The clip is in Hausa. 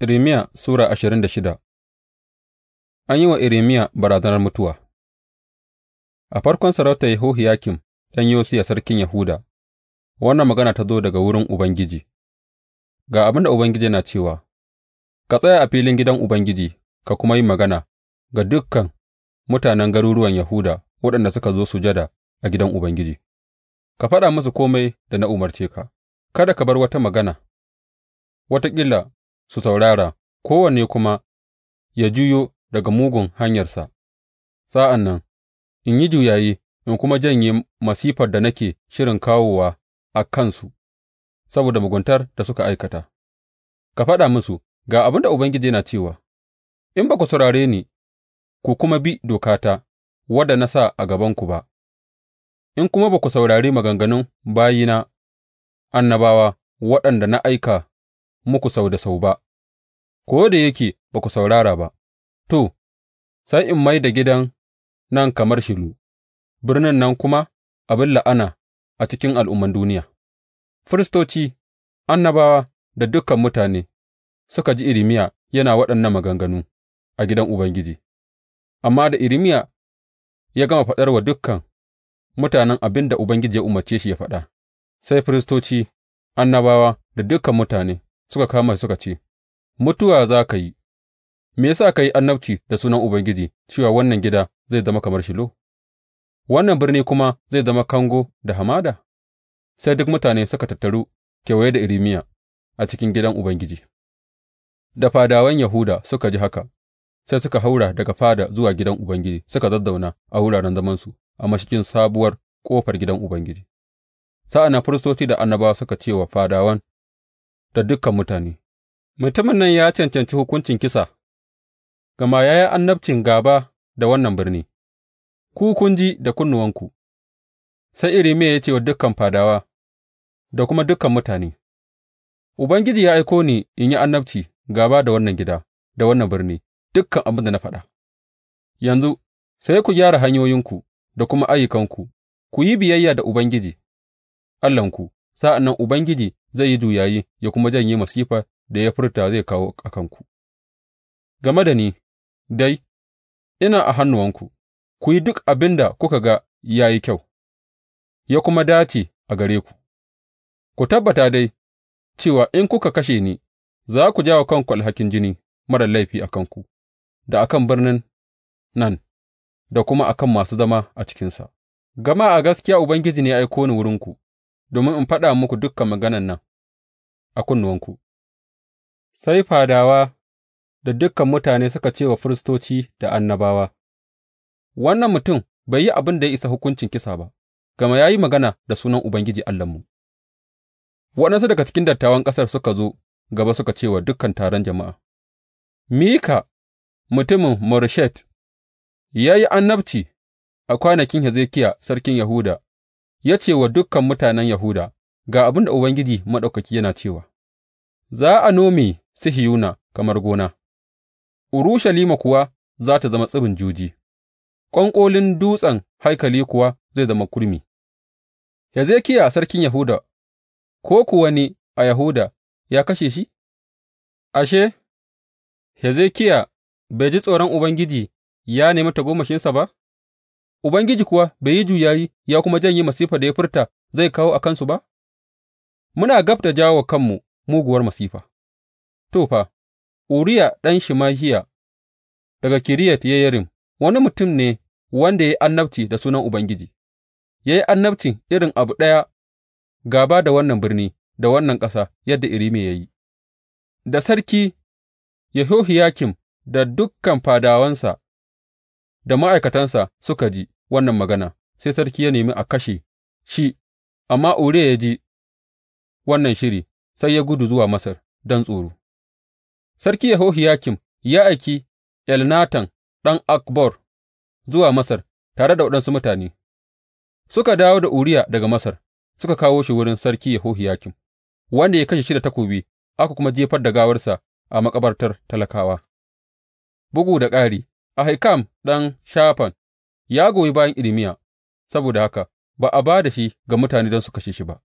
Irmiya Sura ashirin da shida An yi wa Irmiya barazanar mutuwa A farkon sarautar Yehohiyakim ɗan Yosiya sarkin Yahuda, wannan magana ta zo daga wurin Ubangiji, Ga abin da Ubangiji na cewa, Ka tsaya a filin gidan Ubangiji ka kuma yi magana ga dukkan mutanen garuruwan Yahuda waɗanda suka zo sujada a gidan Ubangiji, ka faɗa musu komai da na umarce ka, kada ka bar wata magana, wataƙila su saurara, kowanne kuma ya juyo daga mugun hanyarsa, sa'an nan in yi juyayi in kuma janye masifar da nake shirin kawowa a kansu saboda muguntar da suka aikata, ka faɗa musu, Ga abin da Ubangiji yana cewa, In ba ku saurare ni ku kuma bi dokata, wadda na sa a gabanku ba, in kuma ba ku saurari maganganun bayina annabawa waɗanda na aika muku sau da sau ba, ko da yake ba ku saurara ba, to, sai in mai da gidan nan kamar Shilo, birnin nan kuma abin la'ana a cikin al'umman duniya. Firistoci, annabawa da dukan mutane suka ji Irimiya yana waɗannan maganganu a gidan Ubangiji, amma da Irimiya ya gama faɗar wa dukan mutanen abin da Ubangiji ya umarce shi ya faɗa, sai firistoci, annabawa da dukan mutane suka kama suka ce. Mutuwa za ka yi, me ya sa ka yi annabci da sunan Ubangiji cewa wannan gida zai zama kamar Shilo wannan birni kuma zai zama kango da hamada? Sai duk mutane suka tattaru kewaye da irimiya a cikin gidan Ubangiji, da fadawan Yahuda suka ji haka, sai suka haura daga fada zuwa gidan Ubangiji suka zazzauna a wuraren zamansu a mashigin sabuwar ƙofar gidan Ubangiji. Sa'an nan firistoci da annabawa suka ce wa fadawan da dukan mutane. Mutumin nan ya cancanci hukuncin kisa, gama ya yi annabcin gaba da wannan birni, ku kun ji da kunnuwanku, sai Irmiya ya ce wa dukan fadawa da kuma dukan mutane, Ubangiji ya aiko ni in yi annabci gaba da wannan gida da wannan birni, dukan abin da na faɗa. Yanzu sai ku gyara hanyoyinku da kuma ayyukanku, ku yi biyayya da Ubangiji Allahnku, sa'an nan Ubangiji zai yi juyayi ya kuma janye masifar da ya furta zai kawo a kanku. Game da ni, dai, ina a hannuwanku, ku yi duk abin da kuka ga ya yi kyau, ya kuma dace a gare ku, ku tabbata dai cewa in kuka kashe ni, za ku jawo kanku alhakin jini marar laifi a kanku, da a kan birnin nan, da kuma a kan masu zama a cikinsa, gama a gaskiya Ubangiji ne ya aiko ni wurinku. domin in faɗa muku dukan maganan nan a kunnuwanku, sai fadawa da dukan mutane suka ce wa firistoci da annabawa, Wannan mutum bai yi abin da ya isa hukuncin kisa ba, gama ya yi magana da sunan Ubangiji Allahnmu. Waɗansu daga cikin dattawan ƙasar suka zo gaba suka ce wa dukan taron jama'a, Mika mutumin Moreshet ya yi annabci a kwanakin Hezekiya sarkin Yahuda ya ce wa dukan mutanen Yahuda, Ga abin da Ubangiji Maɗaukaki yana cewa, Za a nome sihiyuna kamar gona, Urushalima kuwa za ta zama tsibin juji, ƙwanƙolin dutsen haikali kuwa zai zama kurmi. Hezekiya sarkin Yahuda, ko kuwa ne a Yahuda ya kashe shi? Ashe, Hezekiya bai ji tsoron Ubangiji ya nemi tagomashinsa ba? Ubangiji kuwa bai yi juyayi ya kuma janye masifar da ya furta zai kawo a kansu ba? Muna gab da jawo wa kanmu muguwar masifa, to, fa, Uriya ɗan shimahiya. daga Kiriyat Yeyarim wani mutum ne wanda ya yi annabci da sunan Ubangiji, ya yi annabcin irin abu ɗaya Gaba da wannan birni da wannan ƙasa yadda Irimi ya yi, da sarki Yehohiyakim da dukkan fadawansa da ma'aikatansa suka ji. wannan magana, sai sarki ya nemi a kashe shi, amma Uriya ya ji wannan shiri, sai ya gudu zuwa Masar don tsoro. Sarki Yehohiyakim ya aiki Elnatan ɗan Akbor zuwa Masar tare da waɗansu mutane, suka dawo da Uriya daga Masar, suka kawo shi wurin sarki Yehohiyakim, wanda ya kashe shi da takobi, aka kuma jefar da gawarsa a makabartar talakawa. Bugu da ƙari, Ahikam ɗan Shafan Ya goyi bayan Irmiya, saboda haka ba a ba da shi ga mutane don su kashe shi ba.